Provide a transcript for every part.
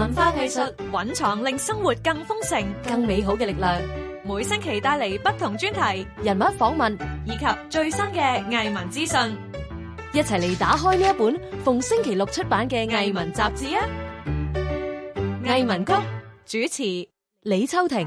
文化藝術蘊藏令生活更豐盛、更美好嘅力量。每星期帶嚟不同專題、人物訪問以及最新嘅藝文資訊，一齊嚟打開呢一本逢星期六出版嘅藝文雜誌啊！藝文谷主持李秋婷。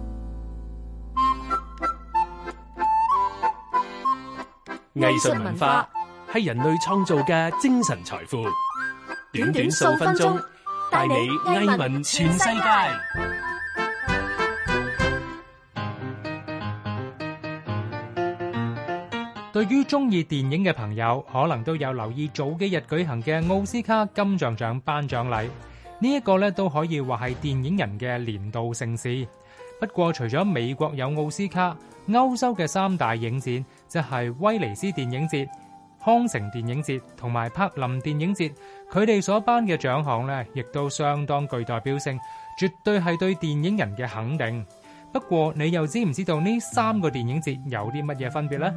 藝術文化係人類創造嘅精神財富。短短數分鐘，帶你藝文全世界。對於中意電影嘅朋友，可能都有留意早幾日舉行嘅奧斯卡金像獎頒獎禮。呢一個咧都可以話係電影人嘅年度盛事。不過除咗美國有奧斯卡，歐洲嘅三大影展就係威尼斯電影節、康城電影節同埋柏林電影節，佢哋所頒嘅獎項咧，亦都相當具代表性，絕對係對電影人嘅肯定。不過你又知唔知道呢三個電影節有啲乜嘢分別呢？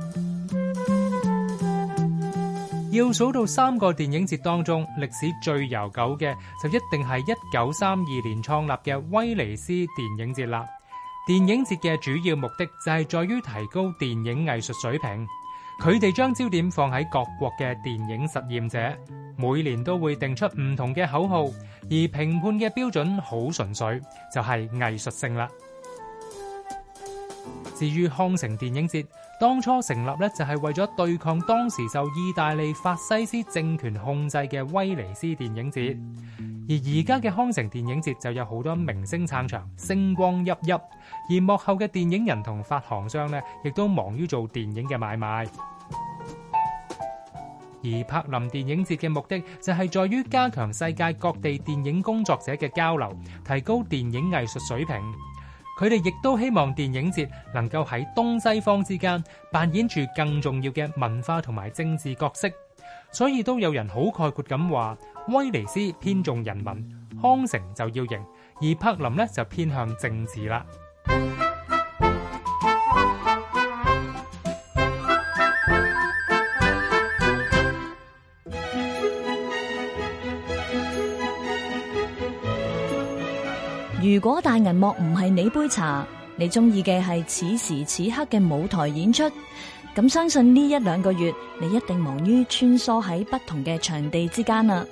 要數到三個電影節當中歷史最悠久嘅，就一定係一九三二年創立嘅威尼斯電影節啦。電影節嘅主要目的就係在於提高電影藝術水平，佢哋將焦點放喺各國嘅電影實驗者，每年都會定出唔同嘅口號，而評判嘅標準好純粹，就係藝術性啦。至於康城電影節，當初成立咧就係為咗對抗當時受意大利法西斯政權控制嘅威尼斯電影節。而而家嘅康城電影節就有好多明星撐場，星光熠熠；而幕後嘅電影人同發行商咧，亦都忙於做電影嘅買賣。而柏林電影節嘅目的就係在於加強世界各地電影工作者嘅交流，提高電影藝術水平。佢哋亦都希望電影節能夠喺東西方之間扮演住更重要嘅文化同埋政治角色。所以都有人好概括咁話。威尼斯偏重人民，康城就要贏，而柏林呢，就偏向政治啦。如果大銀幕唔係你杯茶，你中意嘅係此時此刻嘅舞台演出，咁相信呢一兩個月你一定忙於穿梭喺不同嘅場地之間啦。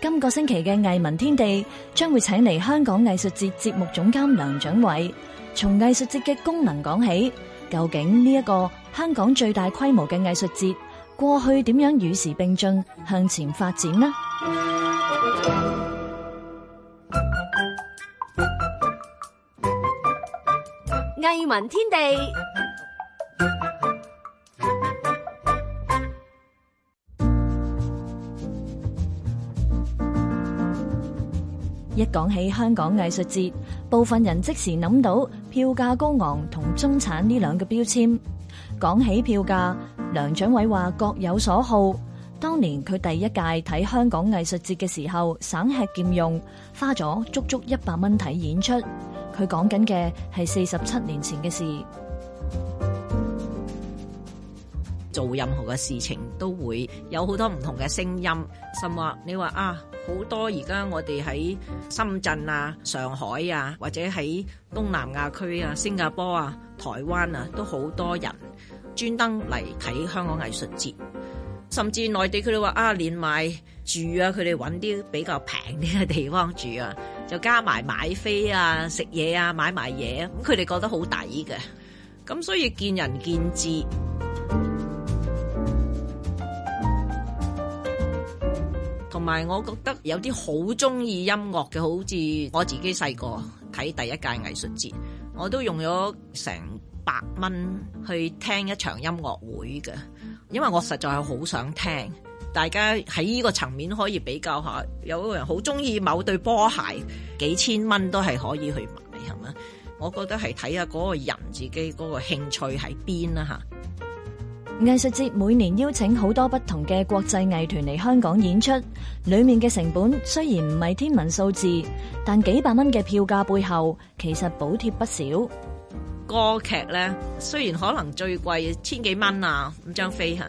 今個星期嘅藝文天地將會請嚟香港藝術節節目總監梁掌瑋，從藝術節嘅功能講起，究竟呢一個香港最大規模嘅藝術節過去點樣與時並進向前發展呢？藝文天地。講起香港藝術節，部分人即時諗到票價高昂同中產呢兩個標籤。講起票價，梁掌瑋話各有所好。當年佢第一屆睇香港藝術節嘅時候，省吃儉用，花咗足足一百蚊睇演出。佢講緊嘅係四十七年前嘅事。做任何嘅事情都會有好多唔同嘅聲音，甚至你話啊，好多而家我哋喺深圳啊、上海啊，或者喺東南亞區啊、新加坡啊、台灣啊，都好多人專登嚟睇香港藝術節，甚至內地佢哋話啊，連埋住啊，佢哋揾啲比較平啲嘅地方住啊，就加埋買飛啊、食嘢啊、買埋嘢，咁佢哋覺得好抵嘅，咁所以見仁見智。同埋，我覺得有啲好中意音樂嘅，好似我自己細個睇第一屆藝術節，我都用咗成百蚊去聽一場音樂會嘅，因為我實在係好想聽。大家喺呢個層面可以比較下，有個人好中意某對波鞋，幾千蚊都係可以去買，係嘛？我覺得係睇下嗰個人自己嗰個興趣喺邊啦嚇。藝術節每年邀請好多不同嘅國際藝團嚟香港演出，裏面嘅成本雖然唔係天文數字，但幾百蚊嘅票價背後其實補貼不少。歌劇呢，雖然可能最貴千幾蚊啊，五張飛吓，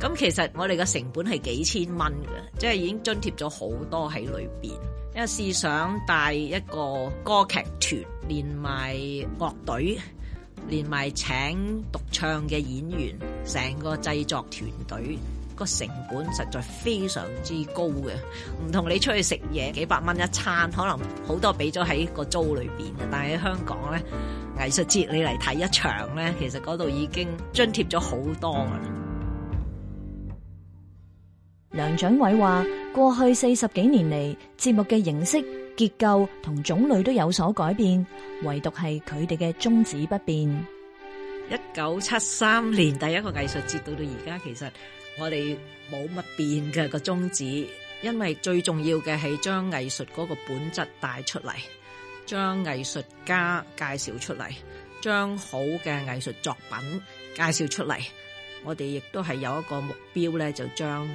咁、啊、其實我哋嘅成本係幾千蚊嘅，即係已經津貼咗好多喺裏邊。因為試想帶一個歌劇團連埋樂隊。連埋請獨唱嘅演員，成個製作團隊個成本實在非常之高嘅，唔同你出去食嘢幾百蚊一餐，可能好多俾咗喺個租裏邊嘅。但係喺香港咧，藝術節你嚟睇一場咧，其實嗰度已經津貼咗好多噶啦。梁掌偉話：過去四十幾年嚟，節目嘅形式，結構同種類都有所改變，唯獨係佢哋嘅宗旨不變。一九七三年第一個藝術節到到而家，其實我哋冇乜變嘅個宗旨，因為最重要嘅係將藝術嗰個本質帶出嚟，將藝術家介紹出嚟，將好嘅藝術作品介紹出嚟。我哋亦都係有一個目標咧，就將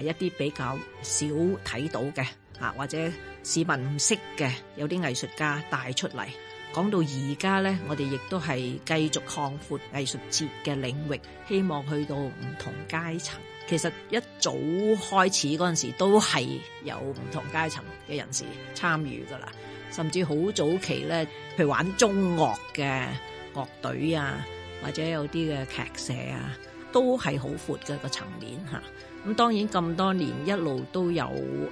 一啲比較少睇到嘅。啊，或者市民唔識嘅，有啲藝術家帶出嚟。講到而家呢，我哋亦都係繼續擴闊藝術節嘅領域，希望去到唔同階層。其實一早開始嗰陣時，都係有唔同階層嘅人士參與噶啦。甚至好早期呢，譬如玩中樂嘅樂隊啊，或者有啲嘅劇社啊，都係好闊嘅個層面吓。咁當然咁多年一路都有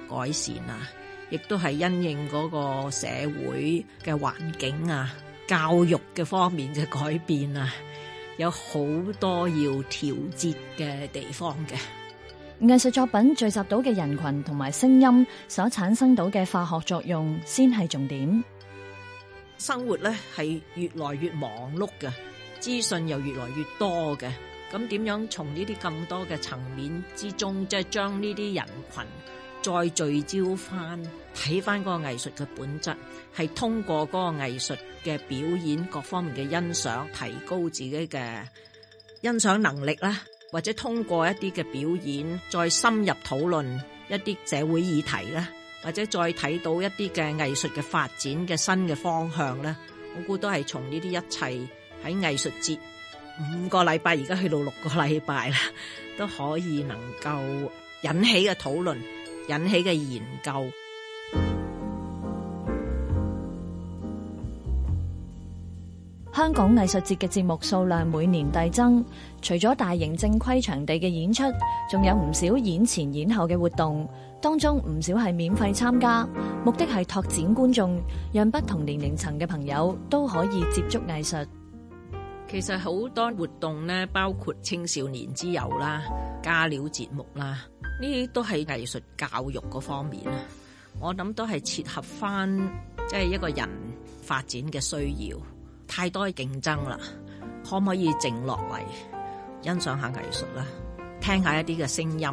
改善啊，亦都係因應嗰個社會嘅環境啊、教育嘅方面嘅改變啊，有好多要調節嘅地方嘅。藝術作品聚集到嘅人群同埋聲音所產生到嘅化學作用，先係重點。生活咧係越來越忙碌嘅，資訊又越來越多嘅。咁點樣從呢啲咁多嘅層面之中，即係將呢啲人群再聚焦翻，睇翻嗰個藝術嘅本質，係通過嗰個藝術嘅表演各方面嘅欣賞，提高自己嘅欣賞能力啦，或者通過一啲嘅表演，再深入討論一啲社會議題啦，或者再睇到一啲嘅藝術嘅發展嘅新嘅方向啦，我估都係從呢啲一切喺藝術節。五個禮拜而家去到六個禮拜啦，都可以能夠引起嘅討論，引起嘅研究。香港藝術節嘅節目數量每年遞增，除咗大型正規場地嘅演出，仲有唔少演前演後嘅活動，當中唔少係免費參加，目的係拓展觀眾，讓不同年齡層嘅朋友都可以接觸藝術。其實好多活動呢，包括青少年之友啦、加料節目啦，呢啲都係藝術教育嗰方面啊。我諗都係切合翻即係一個人發展嘅需要。太多競爭啦，可唔可以靜落嚟欣賞下藝術啦？聽下一啲嘅聲音，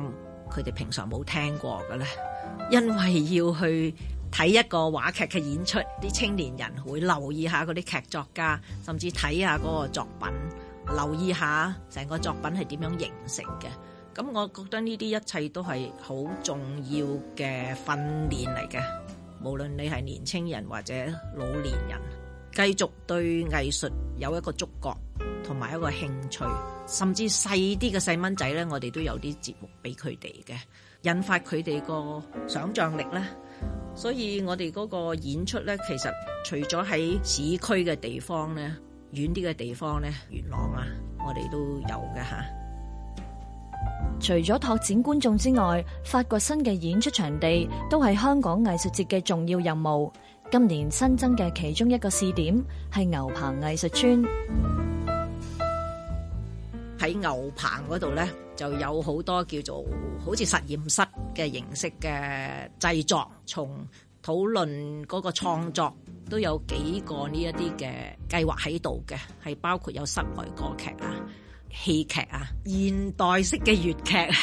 佢哋平常冇聽過嘅咧，因為要去。睇一個話劇嘅演出，啲青年人會留意下嗰啲劇作家，甚至睇下嗰個作品，留意下成個作品係點樣形成嘅。咁，我覺得呢啲一切都係好重要嘅訓練嚟嘅。無論你係年輕人或者老年人，繼續對藝術有一個觸覺同埋一個興趣，甚至細啲嘅細蚊仔呢，我哋都有啲節目俾佢哋嘅，引發佢哋個想像力呢。所以我哋嗰個演出咧，其實除咗喺市區嘅地方咧，遠啲嘅地方咧，元朗啊，我哋都有嘅吓。除咗拓展觀眾之外，發掘新嘅演出場地都係香港藝術節嘅重要任務。今年新增嘅其中一個試點係牛棚藝術村。喺牛棚嗰度咧，就有好多叫做好似實驗室嘅形式嘅製作，從討論嗰個創作都有幾個呢一啲嘅計劃喺度嘅，係包括有室內歌劇啊、戲劇啊、現代式嘅粵劇，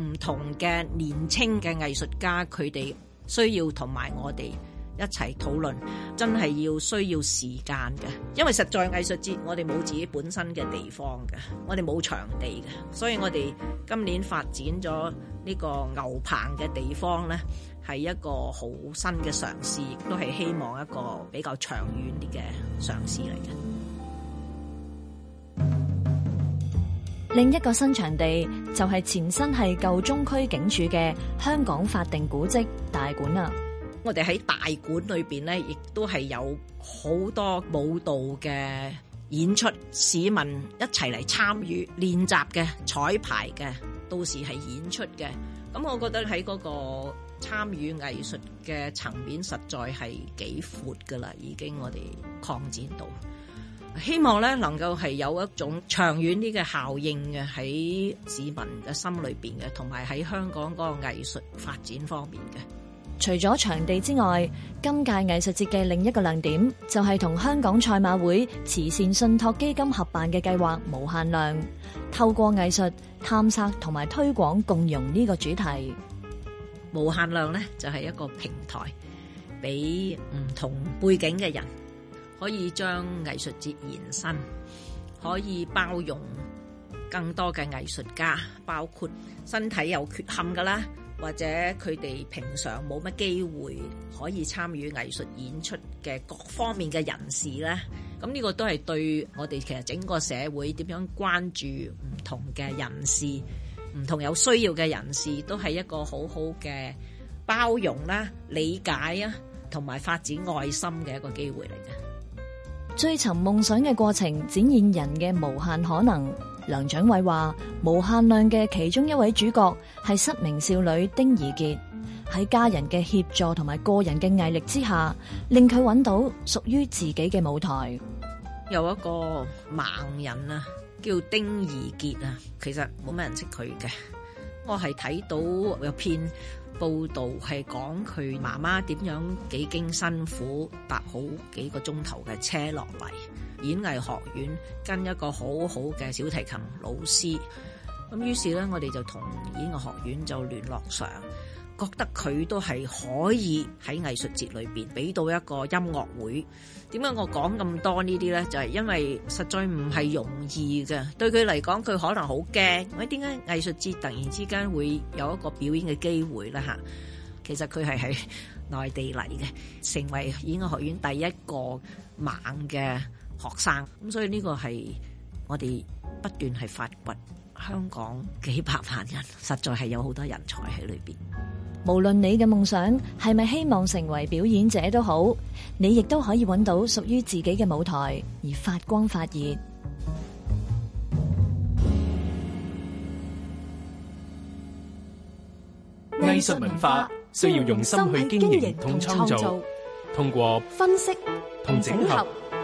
唔同嘅年輕嘅藝術家佢哋需要同埋我哋。一齊討論，真係要需要時間嘅，因為實在藝術節我哋冇自己本身嘅地方嘅，我哋冇場地嘅，所以我哋今年發展咗呢個牛棚嘅地方呢係一個好新嘅嘗試，亦都係希望一個比較長遠啲嘅嘗試嚟嘅。另一個新場地就係前身係舊中區警署嘅香港法定古蹟大館啦。我哋喺大館裏邊呢，亦都係有好多舞蹈嘅演出，市民一齊嚟參與練習嘅、彩排嘅，到時係演出嘅。咁我覺得喺嗰個參與藝術嘅層面，實在係幾闊噶啦，已經我哋擴展到。希望呢能夠係有一種長遠啲嘅效應嘅喺市民嘅心裏邊嘅，同埋喺香港嗰個藝術發展方面嘅。除咗場地之外，今屆藝術節嘅另一個亮點就係同香港賽馬會慈善信託基金合辦嘅計劃無限量，透過藝術、探索同埋推廣共融呢個主題。無限量呢就係一個平台，俾唔同背景嘅人可以將藝術節延伸，可以包容更多嘅藝術家，包括身體有缺陷㗎啦。或者佢哋平常冇乜機會可以參與藝術演出嘅各方面嘅人士咧，咁呢個都係對我哋其實整個社會點樣關注唔同嘅人士、唔同有需要嘅人士，都係一個好好嘅包容啦、理解啊，同埋發展愛心嘅一個機會嚟嘅。追尋夢想嘅過程，展現人嘅無限可能。梁掌瑋話：無限量嘅其中一位主角係失明少女丁怡傑，喺家人嘅協助同埋個人嘅毅力之下，令佢搵到屬於自己嘅舞台。有一個盲人啊，叫丁怡傑啊，其實冇咩人識佢嘅。我係睇到有篇報道係講佢媽媽點樣幾經辛苦搭好幾個鐘頭嘅車落嚟。演藝學院跟一個好好嘅小提琴老師咁，於是呢，我哋就同演藝學院就聯絡上，覺得佢都係可以喺藝術節裏面俾到一個音樂會。點解我講咁多呢啲呢？就係因為實在唔係容易嘅，對佢嚟講，佢可能好驚。我點解藝術節突然之間會有一個表演嘅機會呢？嚇，其實佢係喺內地嚟嘅，成為演藝學院第一個猛嘅。學生咁，所以呢個係我哋不斷係發掘香港幾百萬人，實在係有好多人才喺裏邊。無論你嘅夢想係咪希望成為表演者都好，你亦都可以揾到屬於自己嘅舞台而發光發熱。藝術文化需要用心去經營同創造，通過分析同整合。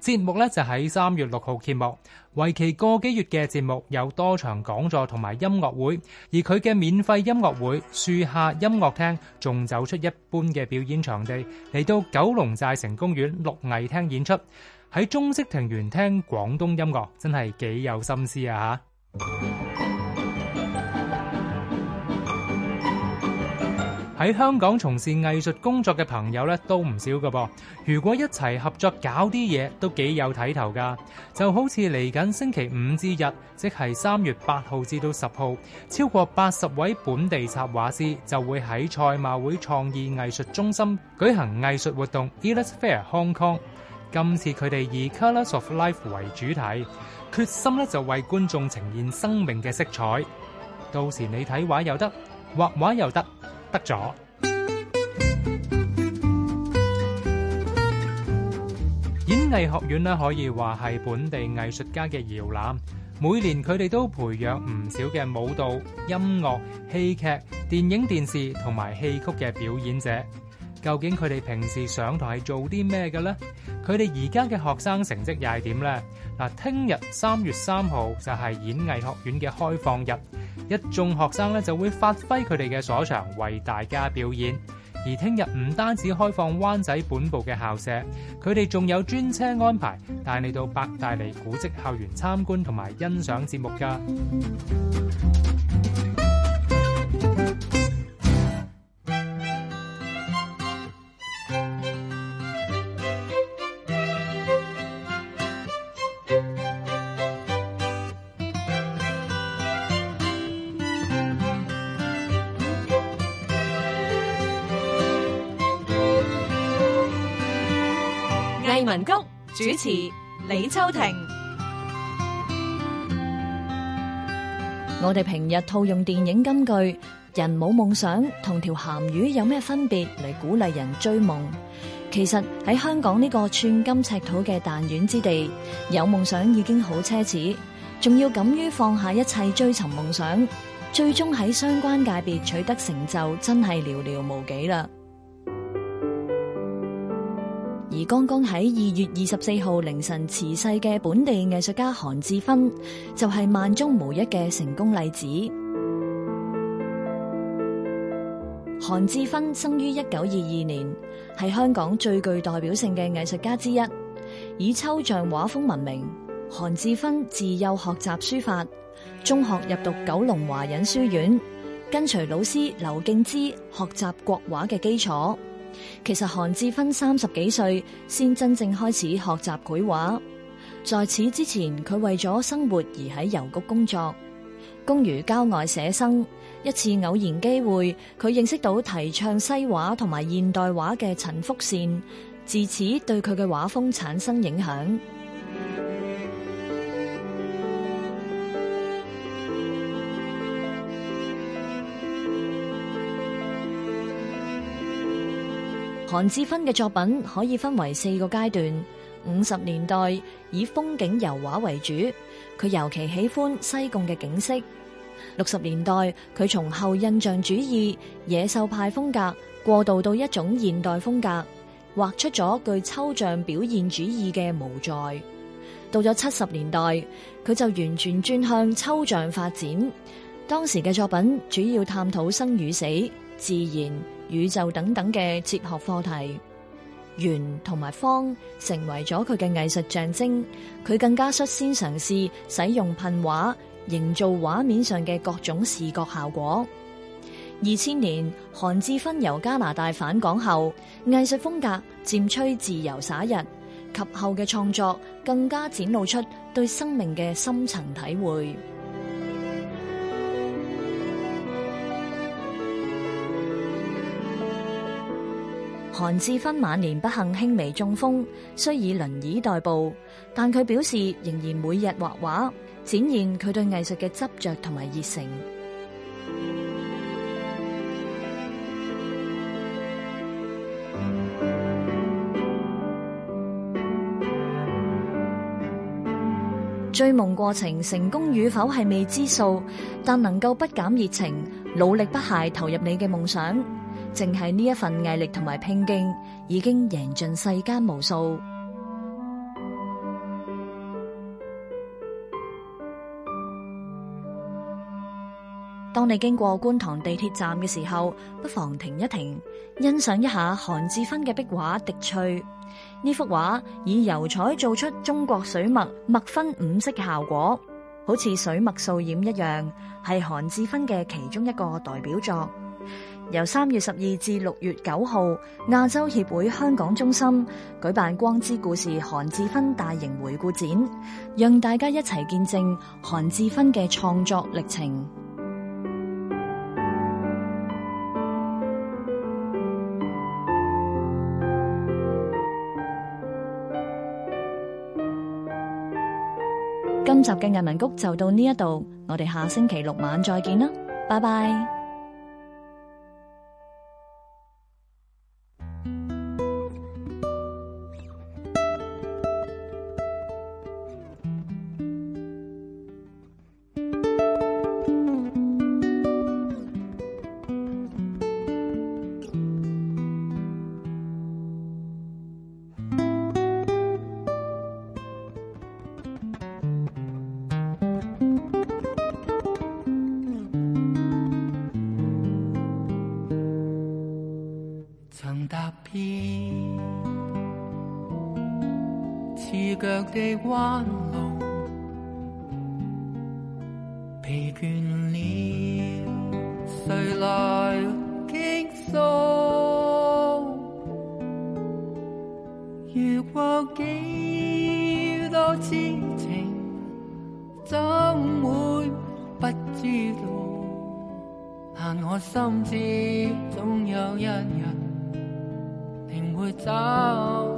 節目咧，就喺三月六號揭幕，為期個幾月嘅節目有多場講座同埋音樂會，而佢嘅免費音樂會樹下音樂廳仲走出一般嘅表演場地，嚟到九龍寨城公園六藝廳演出，喺中式庭園聽廣東音樂，真係幾有心思啊吓！喺香港從事藝術工作嘅朋友咧都唔少噶噃，如果一齊合作搞啲嘢都幾有睇頭噶，就好似嚟緊星期五至日，即係三月八號至到十號，超過八十位本地插畫師就會喺賽馬會創意藝術中心舉行藝術活動 Illusfair Yeah. Hong Kong。今次佢哋以 Colours of Life 為主題，決心咧就為觀眾呈現生命嘅色彩。到時你睇畫又得，畫畫又得。得咗！演藝學院咧可以話係本地藝術家嘅搖籃，每年佢哋都培養唔少嘅舞蹈、音樂、戲劇、電影、電視同埋戲曲嘅表演者。究竟佢哋平時上台係做啲咩嘅呢？佢哋而家嘅學生成績又係點呢？嗱，聽日三月三號就係演藝學院嘅開放日，一眾學生咧就會發揮佢哋嘅所長，為大家表演。而聽日唔單止開放灣仔本部嘅校舍，佢哋仲有專車安排帶你到伯大尼古蹟校園參觀同埋欣賞節目㗎。文谷主持李秋婷，我哋平日套用電影金句，人冇夢想同條鹹魚有咩分別，嚟鼓勵人追夢？其實喺香港呢個寸金尺土嘅彈丸之地，有夢想已經好奢侈，仲要敢於放下一切追尋夢想，最終喺相關界別取得成就，真係寥寥無幾啦。而剛剛喺二月二十四號凌晨辭世嘅本地藝術家韓志勳，就係萬中無一嘅成功例子。韓志勳生於一九二二年，係香港最具代表性嘅藝術家之一，以抽象畫風聞名。韓志勳自幼學習書法，中學入讀九龍華仁書院，跟隨老師劉敬之學習國畫嘅基礎。其實韓志芬三十幾歲先真正開始學習繪畫，在此之前，佢為咗生活而喺郵局工作，公餘郊外寫生。一次偶然機會，佢認識到提倡西畫同埋現代畫嘅陳福善，自此對佢嘅畫風產生影響。韓志芬嘅作品可以分為四個階段。五十年代以風景油畫為主，佢尤其喜歡西貢嘅景色。六十年代佢從後印象主義、野獸派風格過渡到一種現代風格，畫出咗具抽象表現主義嘅無在。到咗七十年代，佢就完全轉向抽象發展。當時嘅作品主要探討生與死、自然。宇宙等等嘅哲學課題，圓同埋方成為咗佢嘅藝術象徵。佢更加率先嘗試使用噴畫，營造畫面上嘅各種視覺效果。二千年，韓志芬由加拿大返港後，藝術風格漸趨自由灑脫，及後嘅創作更加展露出對生命嘅深層體會。韓志勳晚年不幸輕微中風，雖以輪椅代步，但佢表示仍然每日畫畫，展現佢對藝術嘅執着同埋熱誠。追夢過程成功與否係未知數，但能夠不減熱情，努力不懈投入你嘅夢想。正係呢一份毅力同埋拼勁，已經贏盡世間無數。當你經過觀塘地鐵站嘅時候，不妨停一停，欣賞一下韓志芬嘅壁畫《滴翠》。呢幅畫以油彩做出中國水墨墨分五色嘅效果，好似水墨素染一樣，係韓志芬嘅其中一個代表作。由三月十二至六月九號，亞洲協會香港中心舉辦《光之故事》韓志勳大型回顧展，讓大家一齊見證韓志勳嘅創作歷程。今集嘅藝文谷就到呢一度，我哋下星期六晚再見啦，拜拜。的彎路，疲倦了，誰來傾訴？月光幾多痴情，怎會不知道？但我心知總有一日，定會走。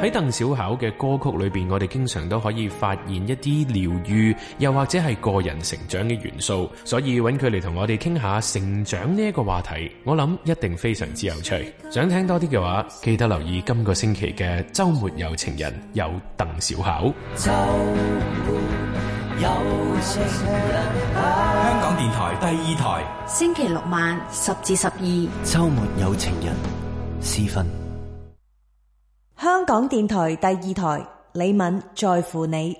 喺鄧小巧嘅歌曲裏邊，我哋經常都可以發現一啲療愈，又或者係個人成長嘅元素。所以揾佢嚟同我哋傾下成長呢一個話題，我諗一定非常之有趣。想聽多啲嘅話，記得留意今個星期嘅周末有情人，有鄧小巧。周末有情人啊、香港電台第二台，星期六晚十至十二，周末有情人時分。香港電台第二台，李敏在乎你。